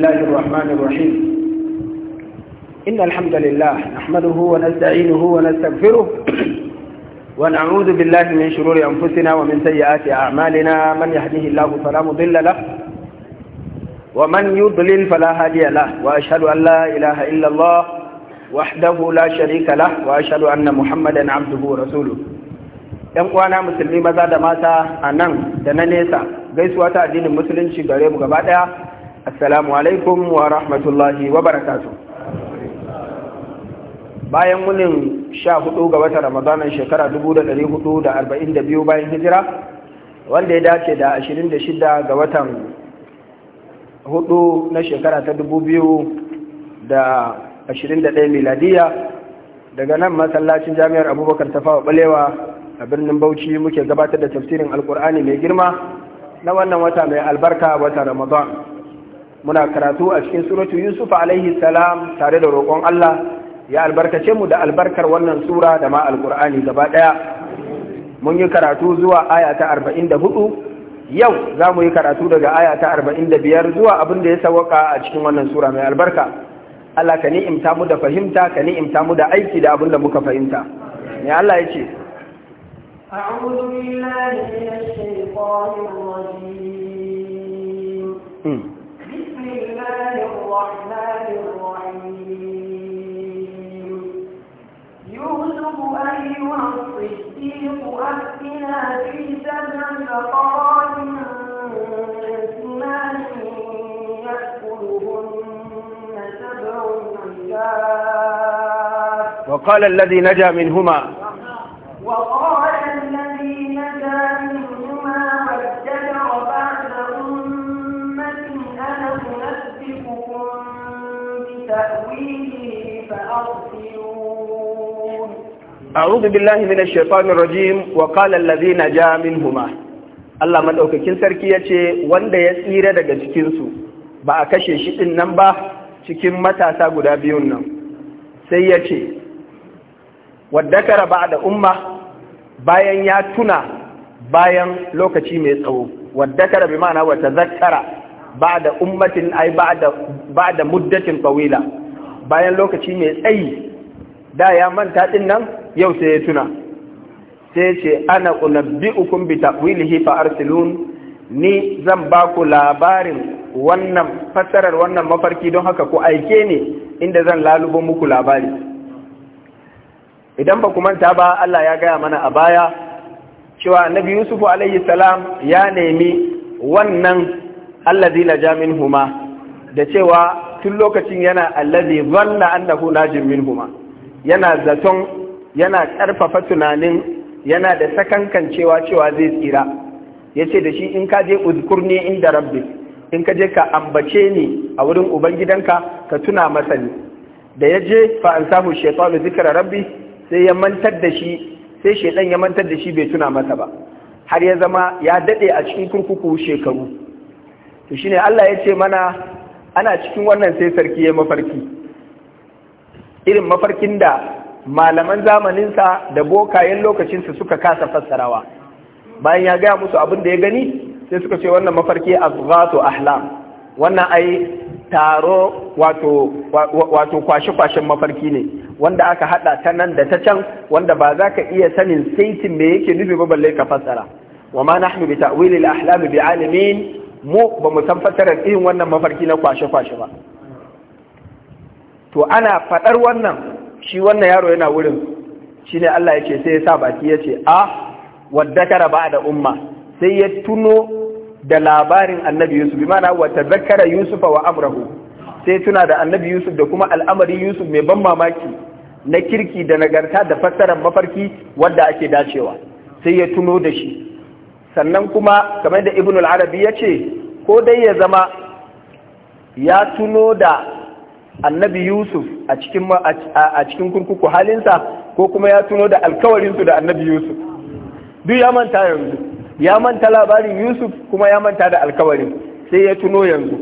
الله الرحمن الرحيم إن الحمد لله نحمده ونستعينه ونستغفره ونعوذ بالله من شرور أنفسنا ومن سيئات أعمالنا من يهده الله فلا مضل له ومن يضلل فلا هادي له وأشهد أن لا إله إلا الله وحده لا شريك له وأشهد أن محمدا عبده ورسوله ‘yan kwana musulmi maza da mata a nan da na nesa gaisuwa ta addinin musulunci gare mu gaba ɗaya assalamu alaikum wa rahmatullahi wa barakatu bayan munin sha hudu ga wata ramadanin shekara biyu bayan hijira wanda ya dace da ashirin da shida ga watan hudu na shekara ta dubu biyu da ashirin da ɗaya miladiya daga nan masallacin jami'ar abubakar ta fawa balewa a birnin bauchi muke gabatar da tafsirin alkur'ani mai girma na wannan wata mai albarka wata ramadan muna karatu a cikin suratu yusuf alaihi salam tare da roƙon Allah ya albarkace mu da albarkar wannan sura da ma alƙur'ani gaba ɗaya mun yi karatu zuwa aya ta hudu, yau za mu yi karatu daga aya ta biyar zuwa abin da ya sawaka a cikin wannan sura mai albarka Allah ka ni'imta mu da fahimta ka ni'imta mu da aiki da abin da muka fahimta ne Allah ya ce أعوذ بالله من الشيطان الرجيم الرحمن الرحيم يوسف أيها الصديق أفتنا في سبع فقرات سمان يأكلهن سبع عجاب وقال الذي نجا منهما أعوذ بالله من الشيطان الرجيم وقال الذين جاء منهما Allah maɗaukakin sarki ya ce wanda ya tsira daga cikinsu ba a kashe shi ɗin nan ba cikin matasa guda biyun nan sai ya ce waddakara ba da umma bayan ya tuna bayan lokaci mai tsawo waddakara bi ma'ana wata zakkara ba da ummatin ai ba da muddatin fawila bayan lokaci mai tsayi da ya manta din nan yau sai ya tuna sai ya ce ana ukun bi ta'wilihi fa arsilun ni zan ba ku labarin wannan fassarar wannan mafarki don haka ku aike ne inda zan lalubo muku labari idan ba ku manta ba Allah ya gaya mana a baya cewa Nabi Yusufu alaihi salam ya nemi wannan allazi la jamin huma da cewa tun lokacin yana allazi zanna annahu najim min huma yana zaton yana ƙarfafa tunanin yana da sakankancewa cewa zai tsira ya ce da shi in ka je uzkurni inda rabbi in ka je ka ambace ni a wurin ubangidanka ka tuna masa ni da ya je fa an samu shaitanu zikra rabbi sai ya mantar da shi sai shaitan ya mantar da shi bai tuna masa ba har ya zama ya dade a cikin kurkuku shekaru to shine Allah ya ce mana ana cikin wannan sai sarki ya mafarki irin mafarkin da malaman zamaninsa da bokayen lokacinsa suka kasa fassarawa bayan ya gaya musu abin da ya gani sai suka ce wannan mafarki azghatu ahlam wannan ai taro wato kwashe-kwashen mafarki ne wanda aka hada ta nan da ta can wanda ba za ka iya sanin saitin me yake nufi ba balle fassara wa ma nahnu bi ta'wilil ahlam bi alimin mu ba mu san fassarar irin wannan mafarki na kwashe-kwashe ba to ana faɗar wannan shi wannan yaro yana wurin shi ne Allah ya ce sai ya sa baki ya ce a ah, wadda ba da umma sai ya tuno da labarin annabi yusuf bi mana wata zakara yusufa wa amrahu sai tuna da annabi yusuf da kuma al'amarin yusuf mai ban mamaki na kirki da nagarta da fassarar mafarki wadda ake dacewa sai ya tuno da shi sannan kuma kamar da ibn al-arabi ya ce ko dai ya zama ya tuno da annabi yusuf a cikin a kurkuku halinsa ko kuma ya tuno da alkawarinsu da annabi yusuf duk ya manta yanzu ya manta labarin yusuf kuma ya manta da alkawarin sai ya tuno yanzu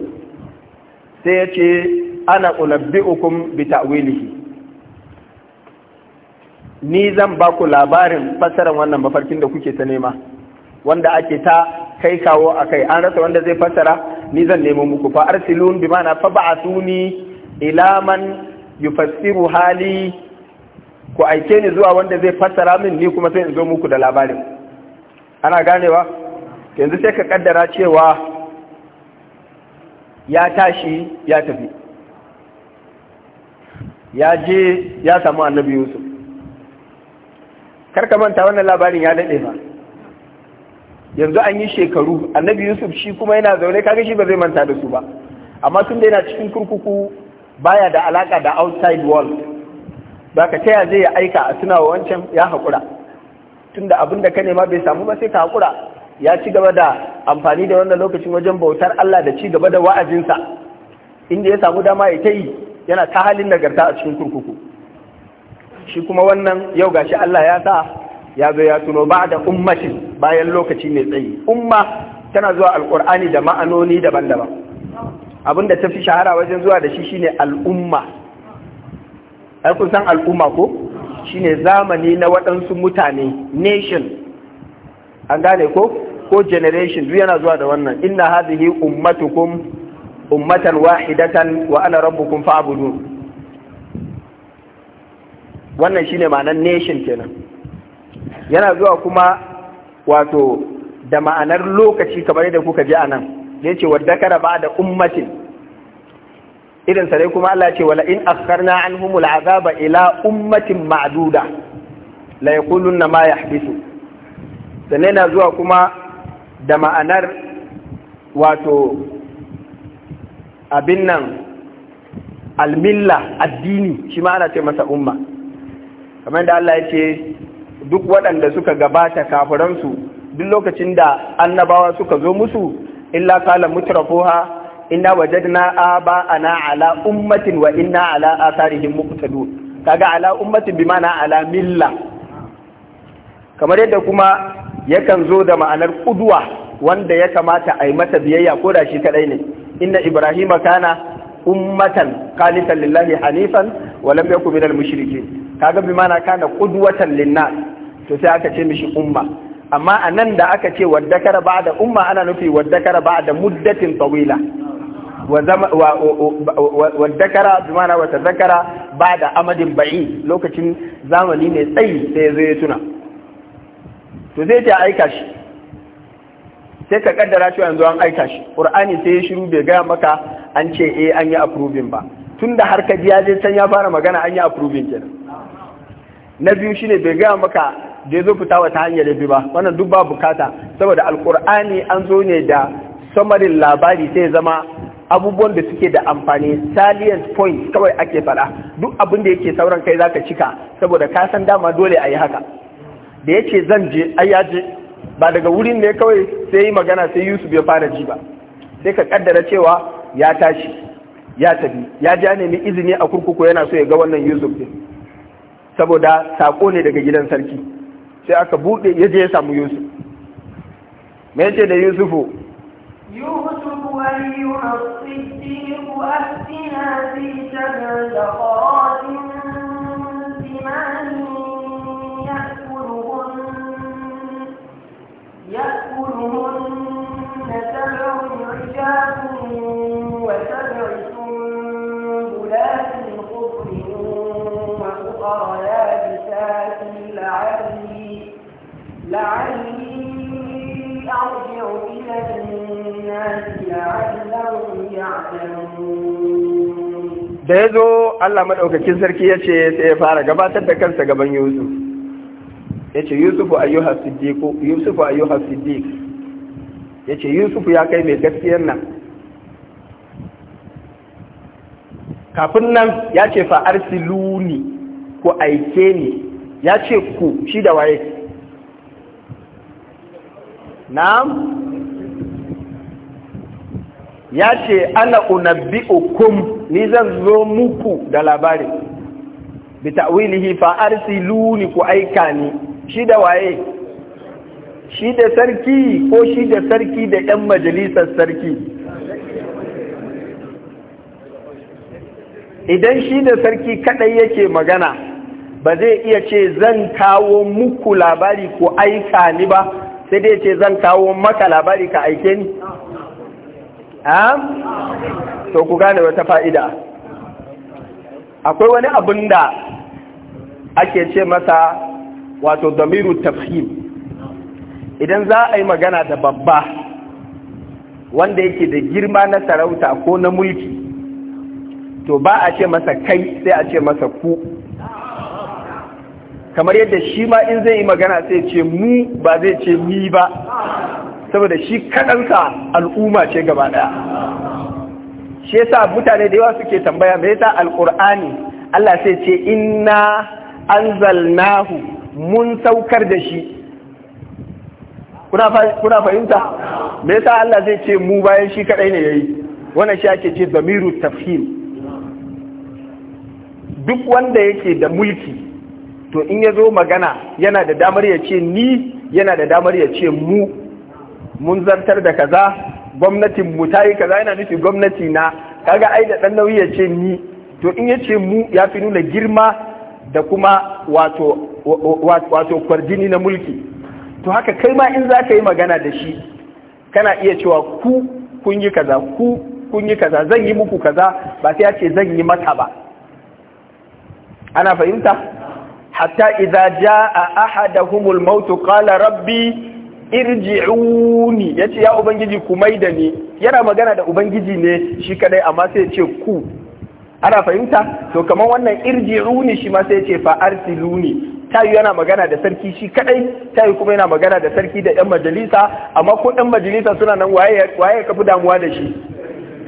sai ya ce ana unabbi'ukum bi ta'wilihi ni zan ba ku labarin fassarar wannan mafarkin da kuke ta nema wanda ake ta kai kawo a kai an rasa wanda zai fassara ni zan nemo muku fa arsilun bi mana fa ba'atuni ila man yufassiru hali ku aike ni zuwa wanda zai fassara min ni kuma sai in zo muku da labarin ana ganewa yanzu sai ka kaddara cewa ya tashi ya tafi ya je ya samu annabi yusuf karka manta wannan labarin ya daɗe ba yanzu an yi shekaru annabi yusuf shi kuma yana zaune kaga shi ba zai manta da su ba amma tun da yana cikin kurkuku baya da alaka da outside world ba ka taya zai ya aika a suna wancan ya haƙura tunda abin da ka nema bai samu ba sai ka haƙura ya ci gaba da amfani da wannan lokacin wajen bautar Allah da ci gaba da wa'azinsa inda ya samu dama ya ta yi yana ta halin nagarta a cikin kurkuku shi kuma wannan yau gashi Allah ya sa ya zo ya tuno ba da ummatin bayan lokaci mai tsayi umma tana zuwa alƙur'ani da ma'anoni daban-daban abinda ta fi shahara wajen zuwa da shi shine al'umma ai kun san al'umma ko shine zamani na waɗansu mutane nation an gane ko ko generation duk yana zuwa da wannan inna hadhihi ummatukum ummatan wahidatan wa ana rabbukum fa'budun wannan shine ma'anar nation kenan yana zuwa kuma wato da ma'anar lokaci kamar yadda kuka ji anan yace wadda kara ba da ummatin irin sa kuma Allah ce wala in akharna anhum azaba ila ummatin ma'duda la yaquluna ma yahbisu sannan na zuwa kuma da ma'anar wato abin nan almilla addini shi ma ana ce masa umma kamar da Allah ya ce duk waɗanda suka gabata kafiransu duk lokacin da annabawa suka zo musu illa kala mutrafuha inna wajadna aba'ana ala ummatin wa inna ala atharihim muqtadun kaga ala ummatin bi ma'ana ala milla kamar yadda kuma yakan zo da ma'anar kudwa wanda ya kamata a yi mata biyayya ko da shi kadai ne inna ibrahima kana ummatan qanitan lillahi hanifan wa lam yakun minal mushrikeen kaga bi ma'ana kana qudwatan linnas to sai aka ce mishi umma amma a nan da aka ce wadda kara ba da umma ana nufi wadda kara ba da muddatin tawila wa dakara bi wata zakara ba da amadin ba'i lokacin zamani mai tsayi sai ya zo ya tuna to zai ta aika shi sai ka kaddara cewa yanzu an aika shi qur'ani sai ya shiru bai gaya maka an ce eh an yi approving ba tunda har ka ji ya je can ya fara magana an yi approving kenan na biyu shine bai gaya maka da ya zo fita wata hanyar bi ba wannan duk ba bukata saboda alkur'ani an zo ne da samarin labari sai zama abubuwan da suke da amfani salient points kawai ake faɗa duk abin da yake sauran kai zaka cika saboda kasan dama dole a yi haka da ya ce zan je ai ya ba daga wurin ne kawai sai yi magana sai yusuf ya fara ji ba sai ka kaddara cewa ya tashi ya tafi ya ja nemi izini a kurkuku yana so ya ga wannan yusuf din saboda sako ne daga gidan sarki sai aka buɗe ya je ya samu yusuf me yace da yusufu يوسف أيها الصديق أفتنا في سبع زخرات ثمان يأكلهن يأكلهن سبع عجاب وسبع سنبلات خضر وأخرى يابسات لعلي لعلي أرجع إلى da ya zo Allah maɗaukakin sarki ya ce sai ya fara gabatar da kansa gaban Yusuf ya ce Yusufu ayyuhar siddiqu siddiq ya ce Yusufu ya kai mai gaskiyar nan kafin nan ya ce fa siluni ko aike ni ya ce ku shi da waye Na. ya ce ana unabbi'ukum ni zan zo muku da labari bi ta'wilihi fa arsiluni ku aika ni shi da waye shi da sarki ko shi da sarki da yan majalisar sarki idan shi da sarki kaɗai yake magana ba zai iya ce zan kawo muku labari ku aika ni ba sai dai ce zan kawo maka labari ka aike ni to ku gane wata fa'ida akwai wani abin da ake ce masa wato damiru tafhim idan za a yi magana da babba wanda yake da girma na sarauta ko na mulki to ba a ce masa kai sai a ce masa ku kamar yadda shi ma in zai yi magana sai ce mu ba zai ce mi ba saboda shi kaɗansa al'umma ce gaba ɗaya shi yasa mutane da yawa suke tambaya me yasa alqur'ani Allah sai ce inna anzalnahu mun saukar da shi kuna fahimta me yasa Allah zai ce mu bayan shi kadai ne yayi wannan shi ake ce zamiru tafhim duk wanda yake da mulki to in ya zo magana yana da damar ya ce ni yana da damar ya ce mu mun zartar da kaza gwamnatin mu ta yi kaza yana nufi gwamnati na kaga ai da dan nauyi ya ce ni to in ya ce mu ya fi nuna girma da kuma wato wato kwarjini na mulki to haka kai ma in za ka yi magana da shi kana iya cewa ku kun yi kaza ku kun yi kaza zan yi muku kaza ba sai ya ce zan yi maka ba ana fahimta hatta idza jaa ahadahumul mautu, qala rabbi irji'uni yace ya ubangiji ku da ni yana magana da ubangiji ne shi kadai amma sai ce ku ana fahimta to kamar wannan irji'uni shi ma sai ce fa arsiluni tayi yana magana da sarki shi kadai tayi kuma yana magana da sarki da yan majalisa amma ko yan majalisa suna nan waye waye ka fi damuwa da shi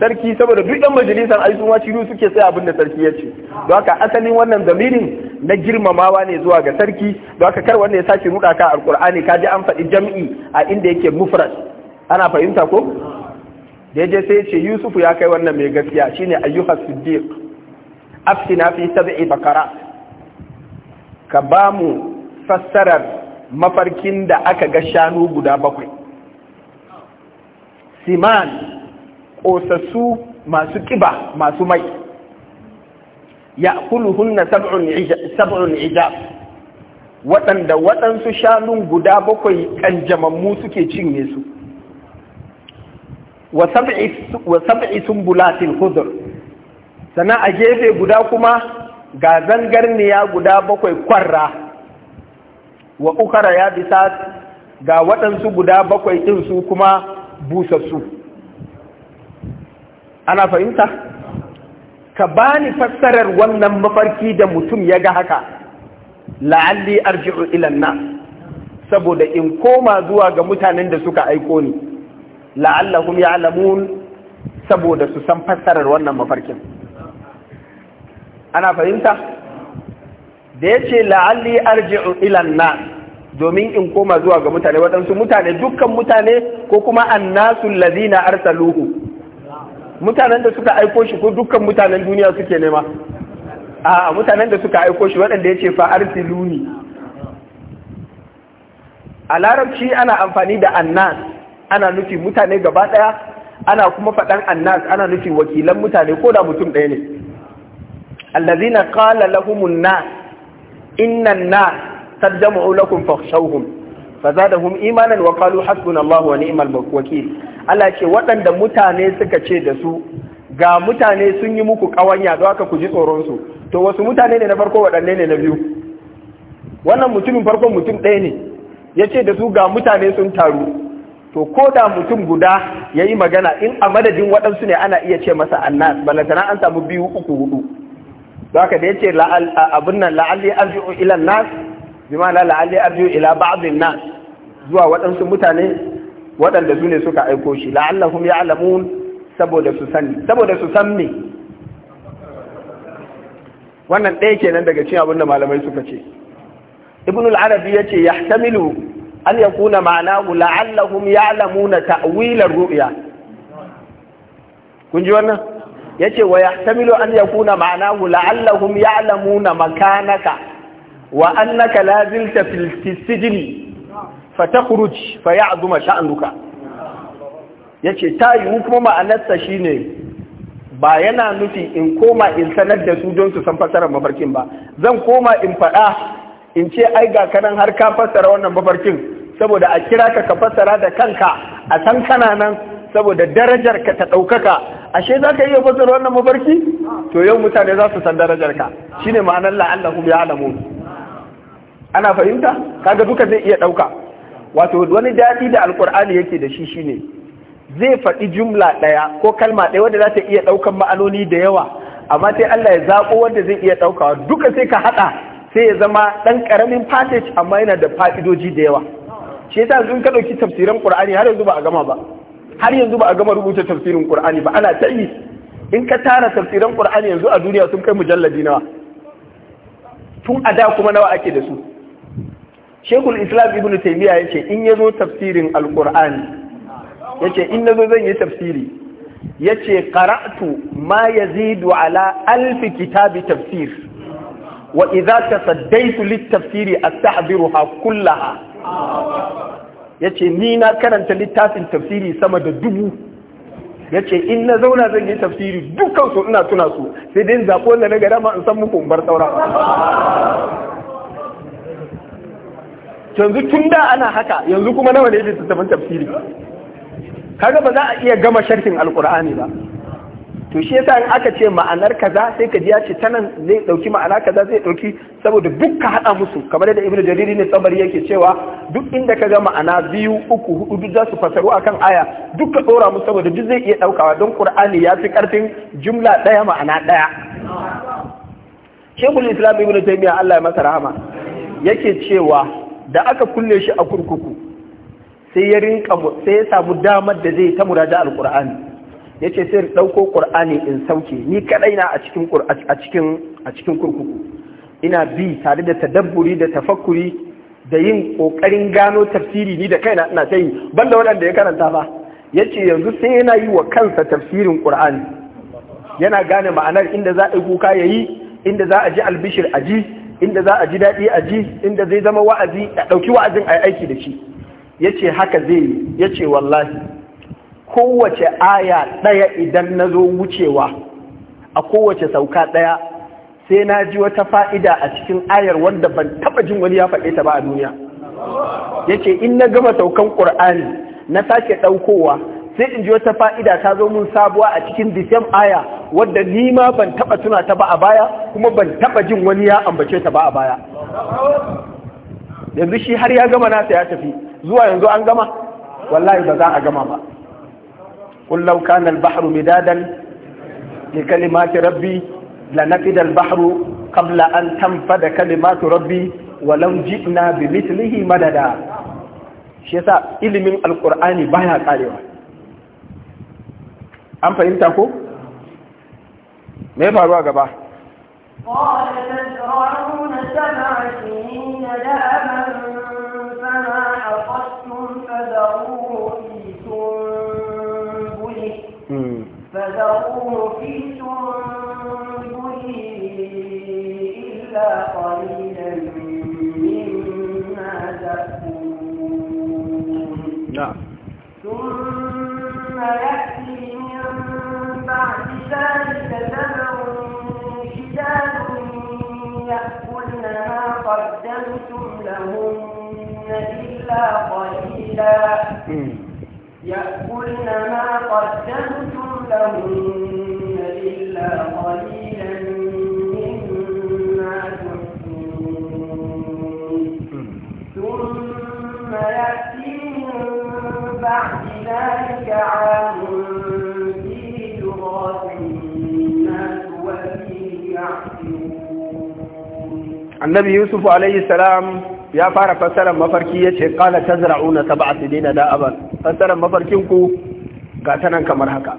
sarki saboda duk ɗan majalisar ai suma shiru suke sai abin da sarki ya ce don haka asalin wannan zamirin na girmamawa ne zuwa ga sarki don haka kar wanda ya sake ruɗa ka alkur'ani ka ji an faɗi jam'i a inda yake mufrad ana fahimta ko da je sai ce yusufu ya kai wannan mai gaskiya shine ayyuha siddiq afsina fi sab'i bakara ka ba mu fassarar mafarkin da aka ga shanu guda bakwai siman ƙosassu masu ƙiba masu mai ya hunna sab'un ijab waɗanda waɗansu shanun guda bakwai ƙanjamammu suke cinye su wa sab'i sumbulatin hudur sana a gefe guda kuma ga zangarniya guda bakwai kwarra wa ukara ya bisa ga waɗansu guda bakwai ɗinsu kuma busassu ana fahimta ka bani fassarar wannan mafarki da mutum ya ga haka la'alli arji'u ilanna saboda in koma zuwa ga mutanen da suka aiko ni la'allahum ya'lamun saboda su san fassarar wannan mafarkin ana fahimta da yace la'alli arji'u ilanna domin in koma zuwa ga mutane waɗansu mutane dukkan mutane ko kuma annasul ladina arsaluhu mutanen da suka aiko shi ko dukkan mutanen duniya suke nema a mutanen da suka aiko shi waɗanda ya ce fa'ar siluni a larabci ana amfani da annas ana nufi mutane gaba ɗaya ana kuma faɗan annas ana nufi wakilan mutane ko da mutum ɗaya ne allazina kala lahumun na innan fa shauhun, fa za da fazadahum imanin wa qalu hasbunallahu wa ni'mal wakil Allah ce waɗanda mutane suka ce da su ga mutane sun yi muku ƙawanya don haka ku ji tsoronsu to wasu mutane ne na farko waɗanne ne na biyu wannan mutumin farko mutum ɗaya ne ya ce da su ga mutane sun taru to ko da mutum guda ya yi magana in a madadin waɗansu ne ana iya ce masa annas balantana an samu biyu uku hudu don haka da ya abin nan la'alli ila nas bima la la'alli ila nas zuwa waɗansu mutane waɗanda su ne suka aiko shi la'allahum ya'lamun saboda su sani saboda su san me wannan ɗaya kenan daga cikin abin da malamai suka ce ibn al-arabi yace yahtamilu an ya kuna yakuna ma'anahu la'allahum ya'lamuna ta'wil tawilar ruya kun ji wannan Ya yace wa yahtamilu an ya kuna yakuna ma'anahu la'allahum ya'lamuna makanaka wa annaka la zilta fil sijni fatakhruj fa ya'zuma sha'anuka yace ta yiwu kuma ma'anarsa shine ba yana nufi in koma in sanar da su don su san fasarar mafarkin ba zan koma in faɗa in ce ai ga kanan har ka fasara wannan mafarkin saboda a kira ka ka fasara da kanka a san kana nan saboda darajar ka ta ɗaukaka ashe za ka iya fasara wannan mafarki to yau mutane za su san darajar ka shine ma'anar la'allahum ya'lamun ana fahimta kaga duka zai iya ɗauka wato wani daɗi da alkur'ani yake da shi shine zai faɗi jumla ɗaya ko kalma ɗaya wanda za ta iya ɗaukan ma'anoni da yawa amma sai Allah ya zaɓo wanda zai iya ɗaukawa duka sai ka haɗa sai ya zama ɗan ƙaramin passage amma yana da fa'idoji da yawa shi yasa yanzu ka ɗauki tafsirin Qur'ani har yanzu ba a gama ba har yanzu ba a gama rubuta tafsirin Qur'ani ba ana ta yi in ka tara tafsirin Qur'ani yanzu a duniya sun kai mujalladi nawa tun a da kuma nawa ake da su shekul islam ibn taymiya yace in yazo tafsirin alqur'ani yace in nazo zan yi tafsiri yace qara'tu ma yazidu ala alf kitabi tafsir wa idza tasaddaitu lit tafsiri astahdiruha kullaha yace ni na karanta littafin tafsiri sama da dubu yace in na zauna zan yi tafsiri dukkan su ina tuna su sai dai zabo da na gara ma in san muku in bar saura yanzu tun da ana haka yanzu kuma nawa ne littattafan tafsiri kaga ba za a iya gama sharhin alkur'ani ba to shi yasa in aka ce ma'anar kaza sai ka ji ya ce tanan zai dauki ma'ana kaza zai dauki saboda duk ka hada musu kamar yadda ibnu jariri ne tsabari yake cewa duk inda ka ga ma'ana biyu uku hudu duk za su fasaru akan aya duk ka dora musu saboda duk zai iya daukawa don qur'ani ya fi karfin jumla daya ma'ana daya shekul islam ibnu taymiya Allah ya masa rahama yake cewa da aka kulle shi a kurkuku sai ya rinka sai ya samu damar da zai ta muraja alqur'ani yace sai dauko qur'ani in sauke ni kadai na a cikin a cikin a cikin kurkuku ina bi tare da tadabburi da tafakkuri da yin kokarin gano tafsiri ni da kaina ina sai banda waɗanda ya karanta ba yace yanzu sai yana yi wa kansa tafsirin qur'ani yana gane ma'anar inda za a yi kuka yayi inda za a ji albishir a ji inda za a ji daɗi a ji inda zai zama wa'azi a ɗauki wa'azin a aiki da shi ya ce haka zai yi ya ce wallahi kowace aya ɗaya idan na zo wucewa a kowace sauka ɗaya sai na ji wata fa'ida a cikin ayar wanda ban taɓa jin wani ya faɗe ta ba a duniya ya ce in na gama saukan ƙur'ani na sake ɗaukowa sai in ji wata fa'ida ta zo mun sabuwa a cikin the aya wadda ni ma ban taba tuna ta ba a baya kuma ban taba jin wani ya ambace ta ba a baya yanzu shi har ya gama nasa ya tafi zuwa yanzu an gama wallahi ba za a gama ba qul law kana al-bahru midadan li kalimati rabbi lanafida al-bahru kabla an da kalimatu rabbi walau ji'na bi mithlihi madada shi yasa ilimin alkur'ani baya karewa an fahimta ko me ya faru a قال تزرعون سبع سنين دابا فما حصدتم فذروه في سنبله فذروه في سنبله إلا قليلا مما تأكلون نعم ثم يأتي ذلك يأكلن ما قدمتم لهن إلا قليلا يأكلن ما قدمتم لهن إلا قليلا مما تحسنون ثم يأتي من بعد ذلك عام annabi yusuf alayhi salam ya fara fassara mafarki yace ce ƙala na saba ta ba'a sidina mafarkin ku ga ta kamar haka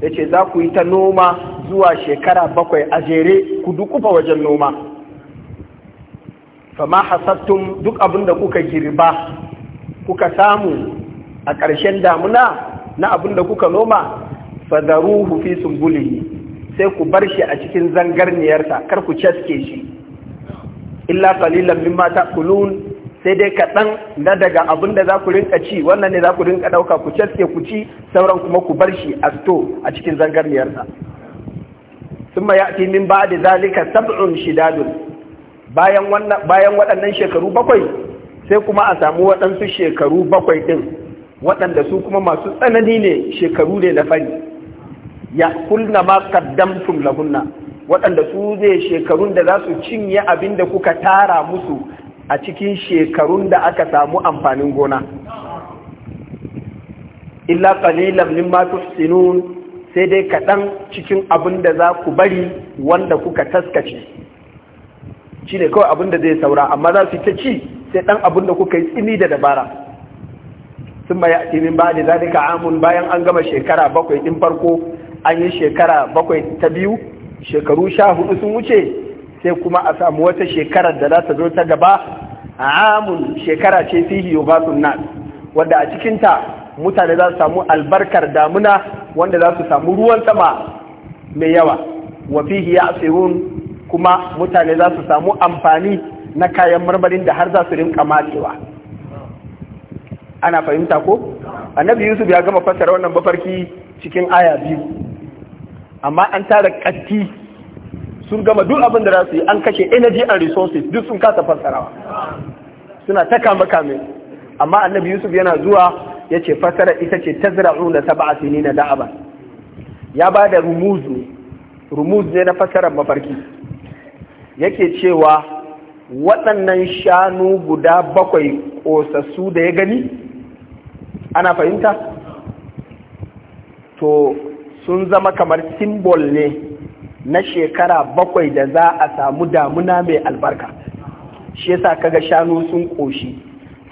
Yace ce za ku yi ta noma zuwa shekara bakwai a jere ku dukufa wajen noma fama hasattun duk abin da kuka girba kuka samu a ƙarshen damuna na abin da kuka noma fadaruhu fi sumbulihi sai ku bar shi a cikin zangarniyarsa kar ku caske shi illa qalilan mimma ta'kulun sai dai kaɗan na daga abin da za ku rinka ci wannan ne za ku rinka ɗauka ku cece ku ci sauran kuma ku bar shi a sto a cikin zangarniyarsa sun ma ya'ti min ba da zalika sab'un shidadun bayan bayan waɗannan shekaru bakwai sai kuma a samu waɗansu shekaru bakwai ɗin waɗanda su kuma masu tsanani ne shekaru ne na fari ya kunna ma qaddamtum lahunna waɗanda su zai shekarun da za su cinye abin da kuka tara musu a cikin shekarun da aka samu amfanin gona illa qalilan masu tuhsinun sai dai kaɗan cikin abin da za ku bari wanda kuka taskace Ci ne kawai abin da zai saura amma za su ta ci sai ɗan abin da kuka yi tsini da dabara sun baya timin ba da zalika amun bayan an gama shekara bakwai ɗin farko an yi shekara bakwai ta biyu shekaru sha hudu sun wuce sai kuma a samu wata shekarar da za ta zo ta gaba amun shekara ce fihi yughathun nas wanda a cikinta mutane za su samu albarkar damuna wanda za su samu ruwan sama mai yawa wa fihi ya'sirun kuma mutane za su samu amfani na kayan marmarin da har za su rinka matsewa ana fahimta ko annabi yusuf ya gama fassara wannan bafarki cikin aya biyu amma an tara ƙatti sun gama duk abin da za su yi an kashe energy and resources duk sun kasa fassarawa suna ta kame kame amma annabi yusuf yana zuwa ya ce fassara ita ce ta zira'u na sab'a na da'aba ya ba da rumuzu ne ne na fassarar mafarki yake cewa waɗannan shanu guda bakwai ƙosassu da ya gani ana fahimta to sun zama kamar simbol ne na shekara bakwai da za a samu damuna mai albarka shi yasa kaga shanu sun ƙoshi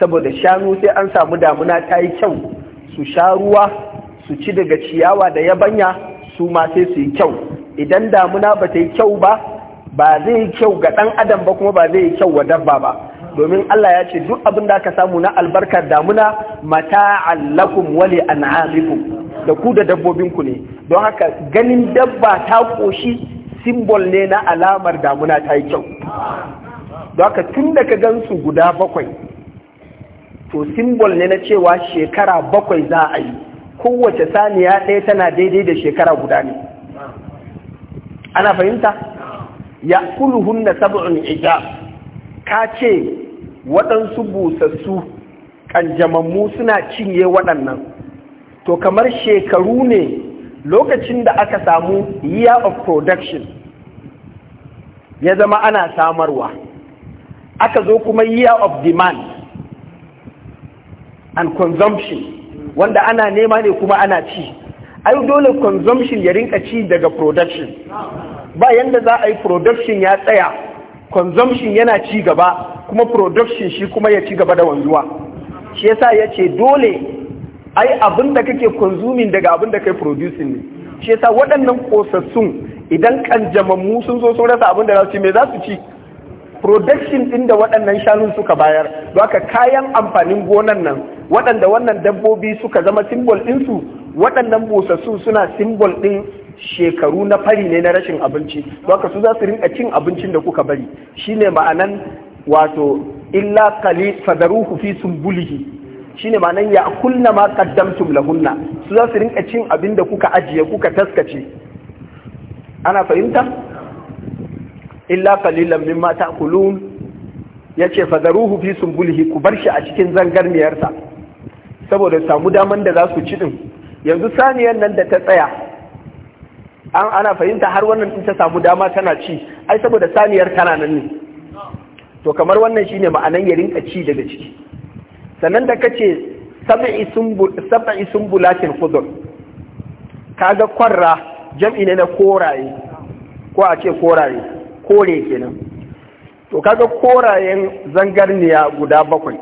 saboda shanu sai an samu damuna ta yi kyau su sha ruwa su ci daga ciyawa da yabanya su ma sai su yi kyau idan damuna ba ta yi kyau ba ba zai yi kyau ga ɗan adam ba kuma ba zai yi kyau wa dabba ba domin Allah ya ce duk abin da aka samu na albarkar damuna mata'allakum wali an'amikum da ku da dabbobinku ne don haka ganin dabba ta ƙoshi simbol ne na alamar damuna ta yi kyau don haka tun da ka gansu guda bakwai to simbol ne na cewa shekara bakwai za a yi kowace saniya ɗaya tana daidai da shekara guda ne ana fahimta ya kuluhun na sab'un ija ka ce waɗansu busassu ƙanjamammu suna cinye waɗannan to kamar shekaru ne lokacin da aka samu year of production ya zama ana samarwa aka zo kuma year of demand and consumption wanda ana nema ne kuma ana ci ai dole consumption ya rinka ci daga production ba yanda za a yi production ya tsaya consumption yana ci gaba kuma production shi kuma ya ci gaba da wanzuwa shi yasa yace dole ai abin da kake consuming daga abin da kai producing ne shi yasa waɗannan kosassun idan kanjamammu sun zo sun rasa abin da za su ci me za su ci production din da waɗannan shanun suka bayar don haka kayan amfanin gonan nan waɗanda wannan dabbobi suka zama symbol din su waɗannan busassu suna symbol din shekaru na fari ne na rashin abinci don haka su za su rinka cin abincin da kuka bari shine ma'anan wato illa qalil fadaruhu fi sumbulihi shine ma'anan ya kunna ma kaddamtum lahunna su za su rinka cin abin da kuka ajiye kuka taskace ana fahimta illa qalilan mimma ta'kulun yace fadaruhu fi bulhi, ku bar shi a cikin zangarniyarsa saboda samu daman da za su ci din yanzu saniyar nan da ta tsaya an ana fahimta har wannan in ta samu dama tana ci ai saboda saniyar tana nan ne to kamar wannan shine ma'anan ya rinka ci daga ciki sannan da kace sab'i sumbulatin khudur kaga kwarra jam'i ne na koraye ko a ce koraye kore kenan to kaga korayen zangarniya guda bakwai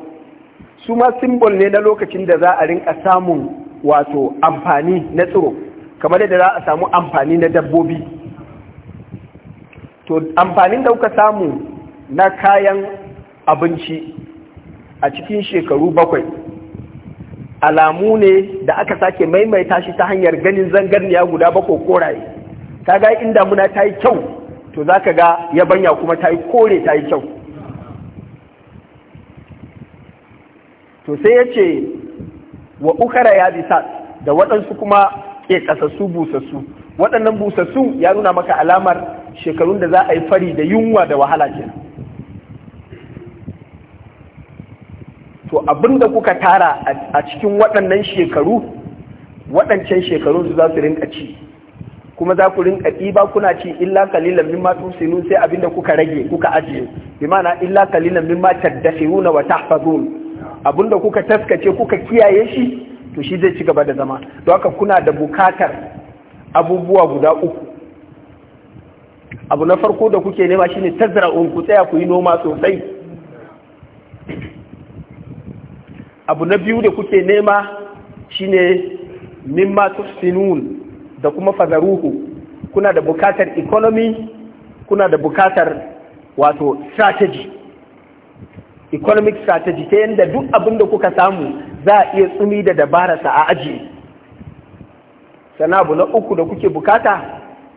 su ma simbol ne na lokacin da za a rinka samun wato amfani na tsiro kamar da za a samu amfani na dabbobi to amfanin da kuka samu na kayan abinci a cikin shekaru bakwai alamu ne da aka sake maimaita shi ta hanyar ganin zangarniya guda bakwai koraye ta ga in damuna ta yi kyau to za ka ga yabanya kuma ta yi kore ta yi kyau to sai ya ce wa ukara ya bisa da waɗansu kuma ke ƙasassu busassu waɗannan busassu ya nuna maka alamar shekarun da za a yi fari da yunwa da wahala kenan to abin da kuka tara a cikin waɗannan shekaru waɗancan shekarun su za su rinka ci kuma za ku rinka ɗiba kuna ci illa kalilan mimma tusinu sai abinda kuka rage kuka ajiye bi ma'ana illa kalilan mimma tadakhiruna wa tahfazun abinda kuka taskace kuka kiyaye shi to shi zai ci gaba da zama don haka kuna da bukatar abubuwa guda uku abu na farko da kuke nema shine tazra'un ku tsaya ku yi noma sosai abu na biyu da kuke nema shine mimma tufsinun da kuma fadaruhu kuna da bukatar economy kuna da bukatar wato strategy economic strategy ta yadda duk abin da kuka samu za a iya tsumi da sa a aji sana abu na uku da kuke bukata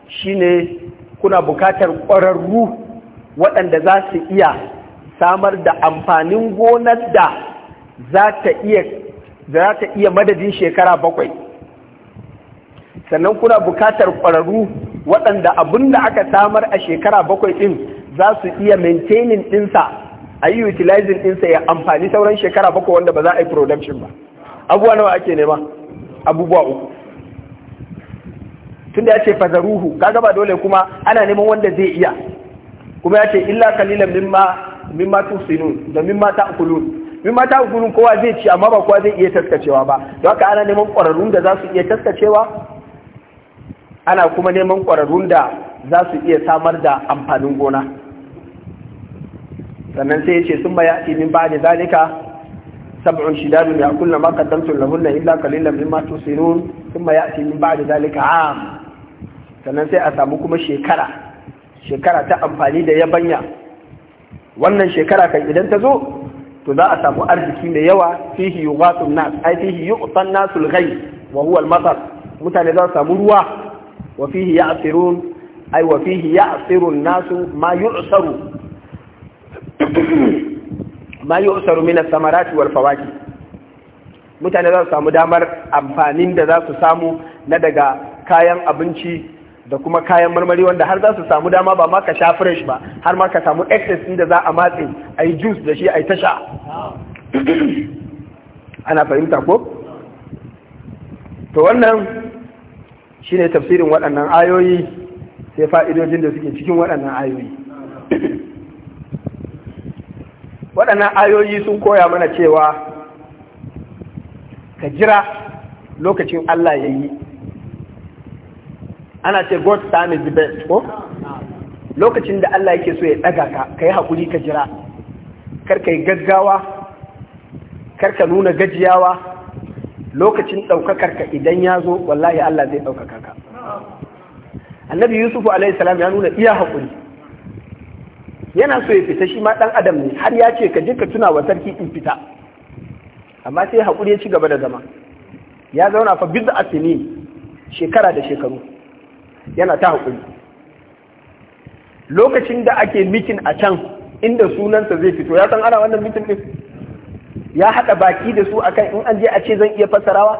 shine kuna bukatar ƙwararru waɗanda za su iya samar da amfanin gonar da za ta iya madadin shekara bakwai sannan kuna bukatar ƙwararru waɗanda abin da aka samar a shekara bakwai ɗin za su iya maintaining ɗinsa a yi utilizing ɗinsa ya amfani sauran shekara bakwai wanda ba za a yi production ba abubuwa nawa ake nema abubuwa uku tunda ya ce fazaruhu kaga ba dole kuma ana neman wanda zai iya kuma ya ce illa kalilan mimma mimma tusinun da mimma ta'kulun min mata gurin kowa zai ci amma ba kowa zai iya taskacewa ba don haka ana neman ƙwararrun da za su iya taskacewa ana kuma neman ƙwararrun da za su iya samar da amfanin gona sannan sai ya ce sun baya min ba da zalika sab'un shidadun ya kulla ma qaddamtum lahunna illa qalilan mimma tusirun thumma ya'ti min ba'di zalika 'am sannan sai a samu kuma shekara shekara ta amfani da yabanya wannan shekara kan idan ta zo to za a samu arziki mai yawa fihi yughatun nas ai fihi yuqtan nasul ghay wa huwa al-matar mutane za su samu ruwa wa fihi ya'sirun ai wa fihi ya'siru nasu ma yu'saru ma yu'saru min as-samarati wal fawakih mutane za su samu damar amfanin da za su samu na daga kayan abinci da kuma kayan marmari wanda har za su samu dama ba ma ka sha fresh ba har ma ka samu excess din da za a matse a yi juice da shi a yi tasha ana fahimta ko to wannan shi ne tafsirin waɗannan ayoyi sai fa'idojin da suke cikin waɗannan ayoyi waɗannan ayoyi sun koya mana cewa ka jira lokacin Allah ya yi ana ce god time is the best ko lokacin da Allah yake so ya daga ka kai hakuri ka jira kar kai gaggawa kar ka nuna gajiyawa lokacin daukakar ka idan ya zo wallahi Allah zai daukaka ka annabi yusufu alaihi salam ya nuna iya hakuri yana so ya fita shi ma dan adam ne har ya ce ka je ka tuna wa sarki in fita amma sai hakuri ya ci gaba da zama ya zauna fa bid'a shekara da shekaru yana ta haƙuri lokacin da ake mitin a can inda sunansa zai fito ya san ana wannan mitin ɗin ya haɗa baki da su akan in an je a ce zan iya fassarawa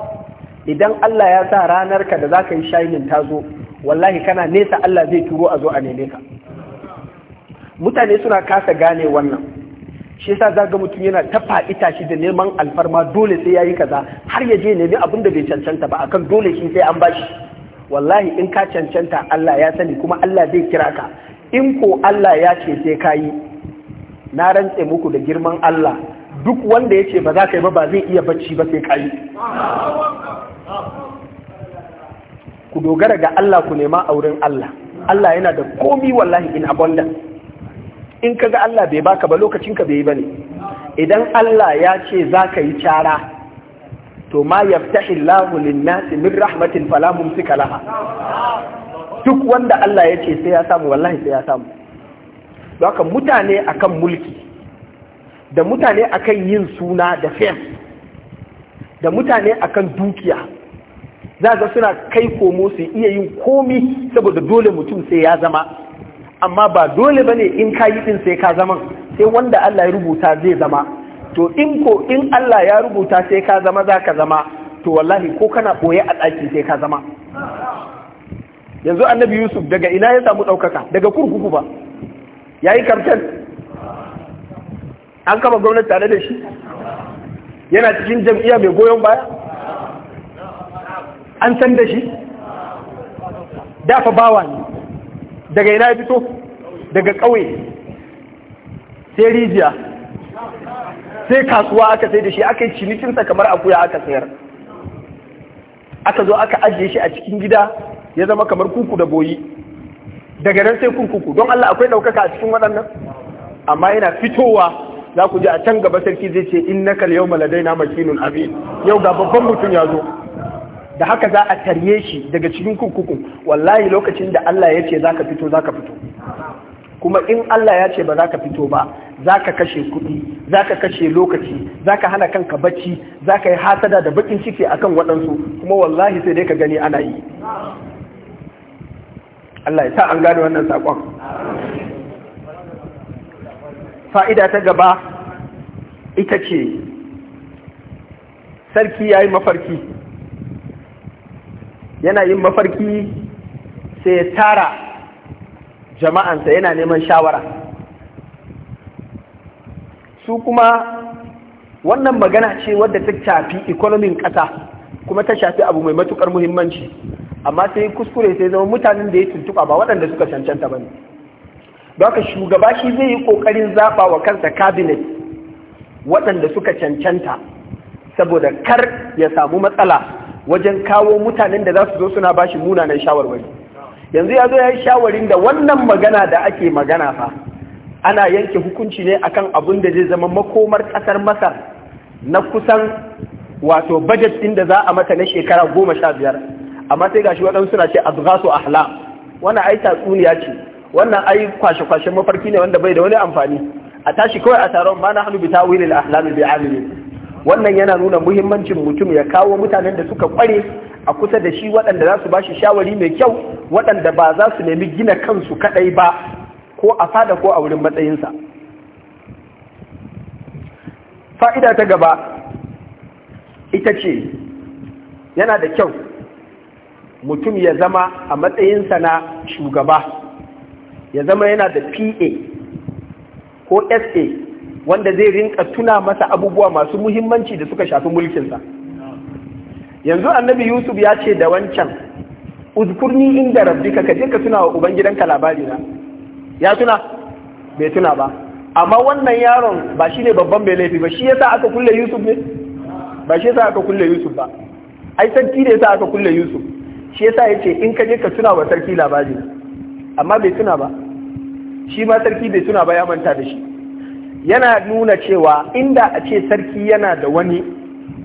idan Allah ya sa ranar ka da za ka yi shayin ta zo wallahi kana nesa Allah zai turo a zo a neme ka mutane suna kasa gane wannan shi yasa za ga mutum yana ta faɗi tashi da neman alfarma dole sai yayi kaza har ya je nemi abin da bai cancanta ba akan dole shi sai an bashi wallahi in ka cancanta Allah ya sani kuma Allah zai kira ka in ko Allah ya ce sai ka yi na rantse muku da girman Allah duk wanda ya ce ba za ka yi ba ba zai iya bacci ba sai ka yi ku dogara ga Allah ku nema a wurin Allah Allah yana da komi wallahi in abundance in kaga Allah bai baka ba lokacin ka bai yi ba ne. idan Allah ya ce za ka yi cara to ma yaftahi Allahu lin-nasi min rahmatin fala mumsika laha duk wanda Allah ya ce sai ya samu wallahi sai ya samu haka mutane akan mulki da mutane akan yin suna da fame da mutane akan dukiya za ga suna kai komo su iya yin komi saboda dole mutum sai ya zama amma ba dole ba ne in ka yi din sai ka zaman sai wanda Allah ya rubuta zai zama to in ko in Allah ya rubuta sai ka zama za ka zama to wallahi ko kana ɓoye a ɗaki sai ka zama yanzu annabi yusuf daga ina ya samu ɗaukaka daga kurkuku ba ya yi kamfen an kama gwamnati tare da shi yana cikin jam'iyya mai goyon baya an san da shi dafa bawa ne daga ina ya fito daga ƙauye sai rijiya sai kasuwa aka sai da shi aka yi cinikinsa kamar akuya aka sayar aka zo aka ajiye shi a cikin gida ya zama kamar kuku da boyi daga nan sai kun kuku don Allah akwai ɗaukaka a cikin waɗannan amma yana fitowa za ku ji a can gaba sarki zai ce in nakal yau maladaina makinun abin yau ga babban mutum ya zo da haka za a tarye shi daga cikin kukukun wallahi lokacin da Allah ya ce za ka fito za ka fito kuma in Allah ya ce ba za ka fito ba za ka kashe kuɗi za ka kashe lokaci za ka hana kanka bacci za ka yi hasada da bakin ciki akan waɗansu kuma wallahi sai dai ka gani ana yi Allah ya sa an gane wannan saƙon fa'ida ta gaba ita ce sarki ya yi mafarki yana yin mafarki sai ya tara jama'ansa yana neman shawara su kuma wannan magana ce wadda ta shafi ikonomin ƙasa kuma ta shafi abu mai matukar muhimmanci amma sai kuskure sai zama mutanen da ya tuntuba ba waɗanda suka cancanta ba ne ba shugaba shi zai yi ƙoƙarin zaɓa wa kansa cabinet waɗanda suka cancanta saboda kar ya samu matsala wajen kawo mutanen da za su zo suna bashi munanan shawarwari yanzu ya zo ya yi shawarin da wannan magana da ake magana fa ana yanke hukunci ne akan abin da zai zama makomar kasar masar na kusan wato budget ɗin da za a mata na shekara goma sha biyar amma sai gashi waɗansu suna ce azgasu ahla wannan ai tatsuniya ce wannan ai kwashe-kwashe mafarki ne wanda bai da wani amfani a tashi kawai a taron ma hannu bi tawilil ahlami bi amili wannan yana nuna muhimmancin mutum ya kawo mutanen da suka kware a kusa da shi waɗanda za su ba shi shawari mai kyau waɗanda ba za su nemi gina kansu kaɗai ba ko a fada ko a wurin matsayinsa fa'ida ta gaba ita ce yana da kyau mutum ya zama a matsayinsa na shugaba ya zama yana da pa ko sa wanda zai rinka tuna masa abubuwa masu muhimmanci da suka shafi mulkinsa yanzu annabi yusuf ya ce da wancan uzkurni inda rabbika ka je ka tuna wa ubangidanka labari na ya tuna bai tuna ba amma wannan yaron ba shi ne babban bai laifi ba shi yasa aka kulle yusuf ne ba shi yasa aka kulle yusuf ba ai sarki da yasa aka kulle yusuf shi yasa yace in ka je ka tuna wa sarki labari amma bai tuna ba shi ma sarki bai tuna ba ya manta da shi yana nuna cewa inda a ce sarki yana da wani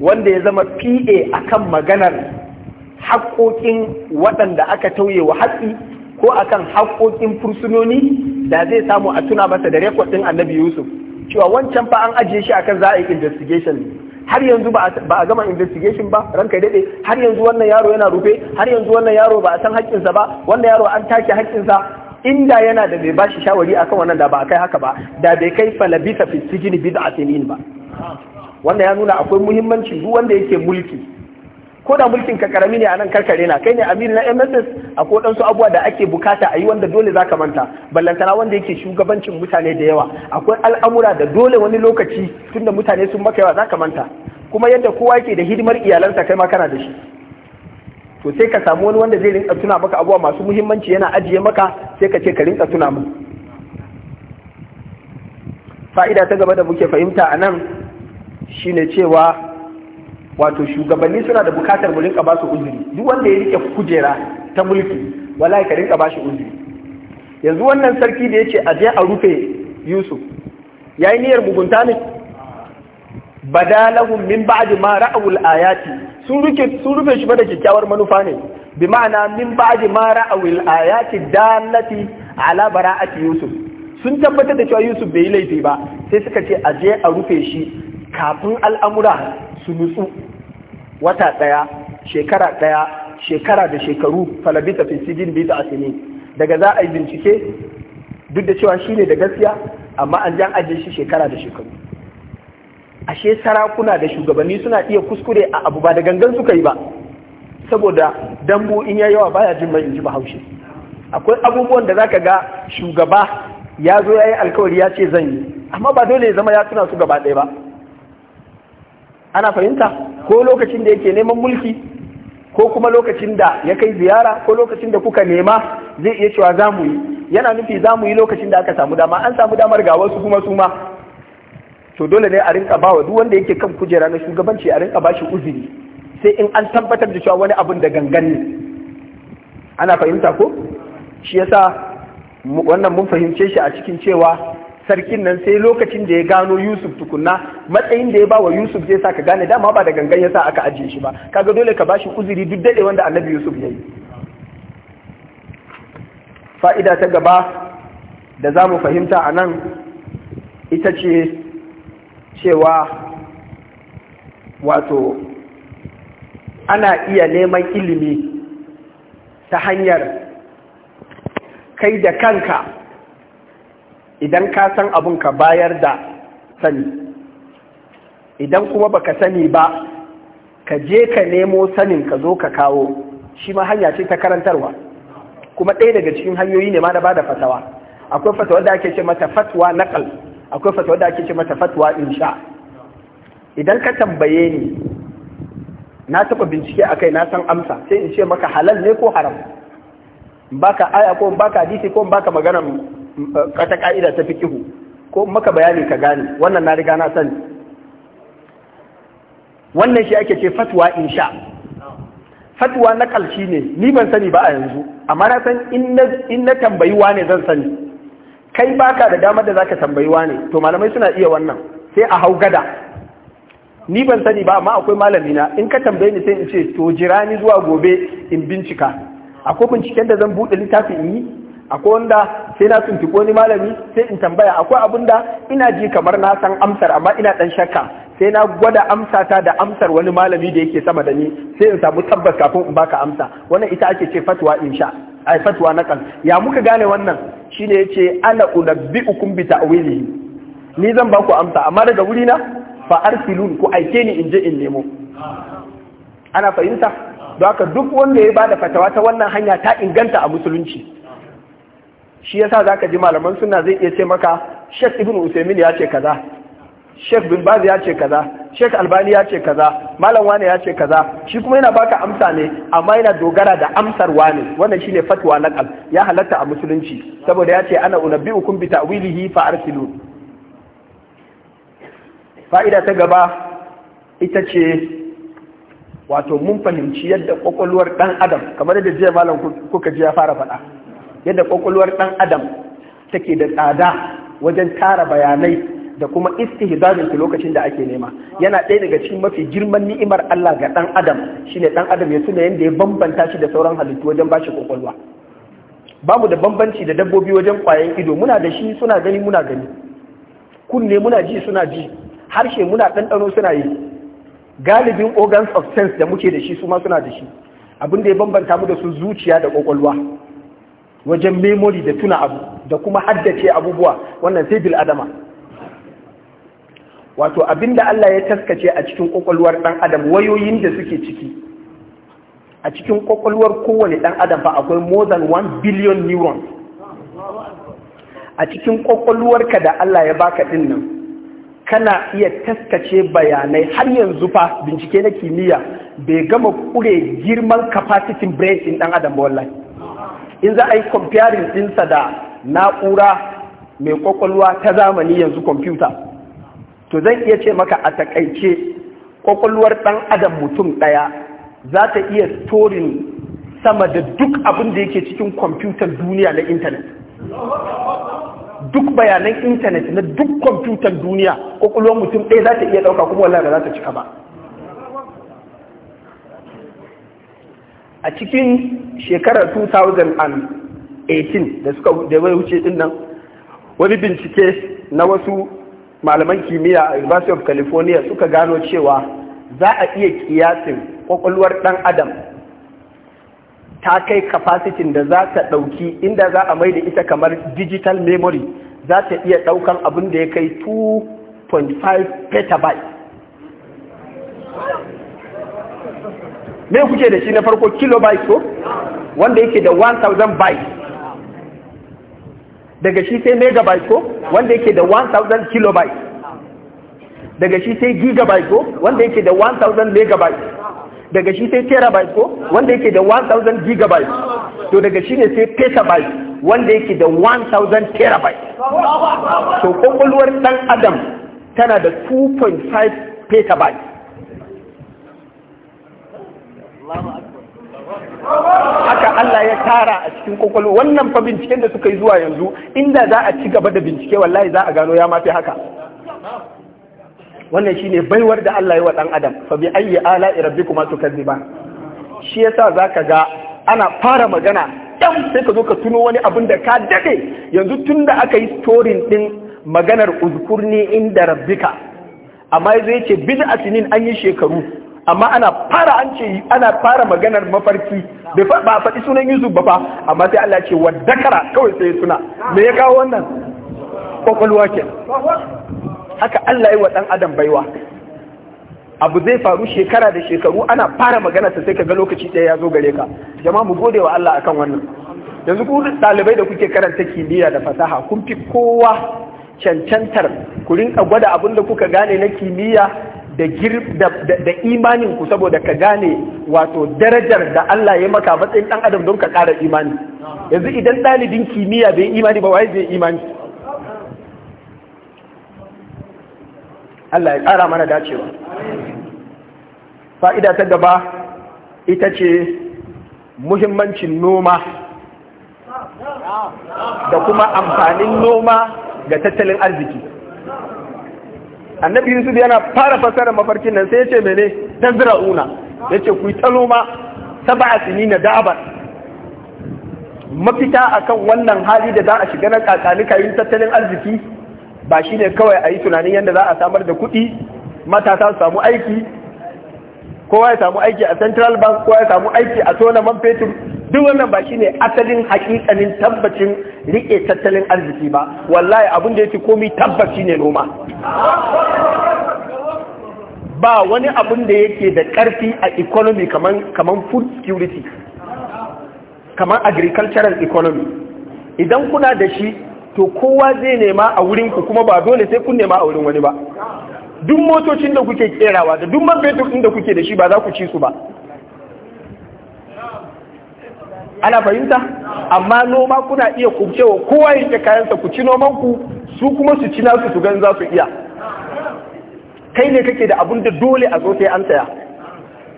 wanda ya zama PA akan maganar haƙoƙin waɗanda aka tauye wa haƙi ko akan haƙoƙin fursunoni da zai samu a tuna masa da rekodin Annabi Yusuf cewa wancan fa an ajiye shi akan za a yi investigation har yanzu ba a gama investigation ba ranka daɗe har yanzu wannan yaro yana rufe har yanzu wannan yaro ba a san haƙƙinsa ba wannan yaro an take haƙƙinsa inda yana da bai bashi shawari akan wannan da ba a kai haka ba da bai kai falabisa fi sijini bid'atin ba wanda ya nuna akwai muhimmanci duk wanda yake mulki ko da mulkin ka karami ne a nan karkare na kai ne amiri na MSS akwai su abuwa da ake bukata a yi wanda dole za ka manta ballantana wanda yake shugabancin mutane da yawa akwai al'amura da dole wani lokaci tunda mutane sun maka yawa za manta kuma yadda kowa yake da hidimar iyalansa kai ma kana da shi to sai ka samu wani wanda zai rinka tuna maka abuwa masu muhimmanci yana ajiye maka sai ka ce ka rinka tuna mu fa'ida ta gaba da muke fahimta anan. Shi ne cewa wato shugabanni suna da bukatar mu rinka ba su uzuri duk wanda ya rike kujera ta mulki wallahi ka rinka ba shi uzuri yanzu wannan sarki da yace a je a rufe Yusuf yayi niyyar mugunta ne badalahum min ba'di ma ra'awul ayati sun rufe sun rufe shi da kyakkyawar manufa ne bi ma'ana min ba'di ma ra'awul ayati dallati ala bara'ati Yusuf sun tabbatar da cewa Yusuf bai yi laifi ba sai suka ce a je a rufe shi kafin al'amura su nutsu wata ɗaya shekara ɗaya shekara da shekaru falabita fi sijin bisa asini daga za a yi bincike duk da cewa shi ne da gaskiya amma an jan ajiye shi shekara da shekaru ashe sarakuna da shugabanni suna iya kuskure a abu ba da gangan suka yi ba saboda dambu in ya yawa baya jin mai inji bahaushe akwai abubuwan da zaka ga shugaba ya zo ya yi alkawari ya ce zan yi amma ba dole ya zama ya tuna su gaba ɗaya ba ana fahimta ko lokacin da yake neman mulki ko kuma lokacin da ya kai ziyara ko lokacin da kuka nema zai iya cewa za mu yi yana nufi za mu yi lokacin da aka samu dama an samu damar ga wasu kuma suma. ma to dole ne a rinka ba wa duk wanda yake kan kujera na shugabanci a rinka ba shi uzuri sai in an tabbatar da cewa wani abun da gangan ne ana fahimta ko shi yasa wannan mun fahimce shi a cikin cewa sarkin nan sai lokacin da ya gano Yusuf tukunna matsayin da ya bawa Yusuf zai sa ka gane dama ba da gangan ya sa aka ajiye shi ba kaga dole ka bashi uzuri duk dade wanda Annabi Yusuf ya yi fa'ida ta gaba da zamu fahimta anan nan ita ce cewa wato ana iya neman ilimi ta hanyar kai da kanka idan ka san abun ka bayar da sani idan kuma baka sani ba ka je ka nemo sanin ka zo ka kawo shi ma hanya ce ta karantarwa kuma ɗaya daga cikin hanyoyi ne ma da bada fatawa akwai fatawa da ake ce mata fatwa naqal akwai fatawa da ake ce mata fatwa insha idan ka tambaye ni na taɓa bincike a kai na san amsa sai in ce maka halal ne ko haram baka aya ko baka hadisi ko baka magana. ta ka'ida ta fi ko maka bayani ka gane wannan na riga na sani wannan shi ake ce fatwa insha fatwa na kalshi ne ni ban sani ba a yanzu amma na san in na tambayi ne zan sani kai baka da damar da zaka tambayi ne to malamai suna iya wannan sai a hau gada ni ban sani ba amma akwai malami na in ka tambaye ni sai in ce to jira ni zuwa gobe in bincika akwai binciken da zan buɗe littafin in yi akwai wanda sai na tuntuɓi wani malami sai in tambaya akwai abin da ina ji kamar na san amsar amma ina ɗan shakka sai na gwada amsa ta da amsar wani malami da yake sama da ni sai in samu tabbas kafin in baka amsa wannan ita ake ce fatwa sha, ai fatwa na kan ya muka gane wannan shine yace ana unabbiukum bi ta'wili ni zan baku amsa amma daga wuri na fa arsilun ku aike ni in je in nemo ana fahimta don haka duk wanda ya bada fatawa ta wannan hanya ta inganta a musulunci shi yasa zaka ji malaman suna zai iya ce maka Sheikh Ibn Usaimin ya ce kaza Sheikh Bin Baz ya ce kaza Sheikh Albani ya ce kaza Malam Wane ya ce kaza shi kuma yana baka amsa ne amma yana dogara da amsar Wane wannan shine fatwa naqal ya halatta a musulunci saboda ya ce ana unabbiukum bi ta'wilihi fa arsilu fa'ida ta gaba ita ce wato mun fahimci yadda kwakwalwar ɗan adam kamar yadda jiya malam kuka ji ya fara faɗa yadda kwakwalwar ɗan adam take da tsada wajen tara bayanai da kuma ta lokacin da ake nema yana ɗaya daga cikin mafi girman ni'imar Allah ga ɗan adam shine ɗan adam ya tuna yadda ya bambanta shi da sauran halittu wajen shi kwakwalwa bamu da bambanci da dabbobi wajen kwayan ido muna da shi suna gani muna gani kunne muna ji suna ji harshe muna ɗanɗano suna yi galibin organs of sense da muke da shi su ma suna da shi abin da ya bambanta mu da su zuciya da kwakwalwa wajen memori da tuna abu da kuma haddace abubuwa wannan sai bil adama wato abinda Allah ya taskace a cikin kwakwalwar dan adam wayoyin da suke ciki a cikin kokolwar kowane dan adam ba akwai more than 1 billion neurons a cikin ka da Allah ya baka din nan kana iya taskace bayanai har yanzu fa bincike na kimiyya bai gama kure girman capacity brain din dan adam ba wallahi in za a yi comparing dinsa da na'ura mai kwakwalwa ta zamani yanzu kwamfuta to zan iya ce maka a takaice kwakwalwar ɗan adam mutum ɗaya za ta iya storin sama da duk abin da yake cikin kwamfutar duniya na intanet duk bayanan intanet na duk kwamfutar duniya kwakwalwar mutum ɗaya za ta iya ɗauka kuma wallah ba za ta cika ba a cikin shekarar 2018 da suka da wuce din wani bincike na wasu malaman kimiyya a University of California suka gano cewa za a iya kiyasin kwakwalwar dan adam ta kai kafasitin da za ta ɗauki inda za a mai da ita kamar digital memory za ta iya ɗaukan abin da ya kai 2.5 petabyte me kuke da shi na farko kilobyte ko wanda yake da 1000 byte daga shi sai megabyte ko wanda yake da 1000 kilobyte daga shi sai gigabyte ko wanda yake da 1000 megabyte daga shi sai terabyte ko wanda yake da 1000 gigabyte to daga shi ne sai petabyte wanda yake da 1000 terabyte to kokolwar dan adam tana da 2.5 petabyte haka Allah ya tara a cikin kwakwalwa wannan fa binciken da suka yi zuwa yanzu inda za a ci gaba da bincike wallahi za a gano ya mafi haka wannan shi ne baiwar da Allah ya wa ɗan adam fa bi ayyi ala'i rabbikuma ba, shi yasa ka ga ana fara magana ɗan sai ka zo ka tuno wani abin da ka daɗe yanzu tun da aka yi storin ɗin maganar uzkurni inda rabbika amma zai ce bid asinin an yi shekaru amma ana fara an ce ana fara maganar mafarki ba faɗi sunan yusuf ba fa amma sai Allah ce wa dakara kawai sai suna me ya kawo wannan Ƙwaƙwalwa ke haka Allah yi wa ɗan adam baiwa abu zai faru shekara da shekaru ana fara magana ta sai ka ga lokaci ɗaya ya zo gare ka jama'a mu gode wa Allah akan wannan yanzu ku ɗalibai da kuke karanta kimiyya da fasaha kun fi kowa cancantar ku rinka gwada abin da kuka gane na kimiyya da imanin ku saboda ka gane wato darajar da Allah ya maka matsayin dan adam don ka kara imani yanzu idan ɗalibin kimiyya bai imani ba wai zai imani Allah ya ƙara mana dacewa fa'ida ta gaba ita ce muhimmancin noma da kuma amfanin noma ga tattalin arziki annabi yusuf yana fara fasara mafarkin nan sai ya ce mene tazra'una ya ce ku yi taloma saba na da'aban mafita a kan wannan hali da za a shiga na kakanika yin tattalin arziki ba shine kawai a yi tunanin yadda za a samar da kuɗi matasa su samu aiki kowa ya samu aiki a central bank kowa ya samu aiki a tona man fetur duk wannan ba shi ne asalin hakikanin tabbacin Riƙe tattalin arziki ba wallahi abin da yake komi tabbaci ne noma ba wani abin da yake da karfi a economy kaman food security kaman agricultural economy idan kuna da shi to kowa zai nema a wurinku kuma ba dole sai kun nema a wurin wani ba duk motocin da kuke kerawa da duk man fetur ɗin da kuke da shi ba za ku ci su ba ana fahimta amma noma kuna iya kubcewa kowa yake kayansa ku ci noman ku su kuma su ci nasu su gan za su iya kai ne kake da abun da dole a zo sai an saya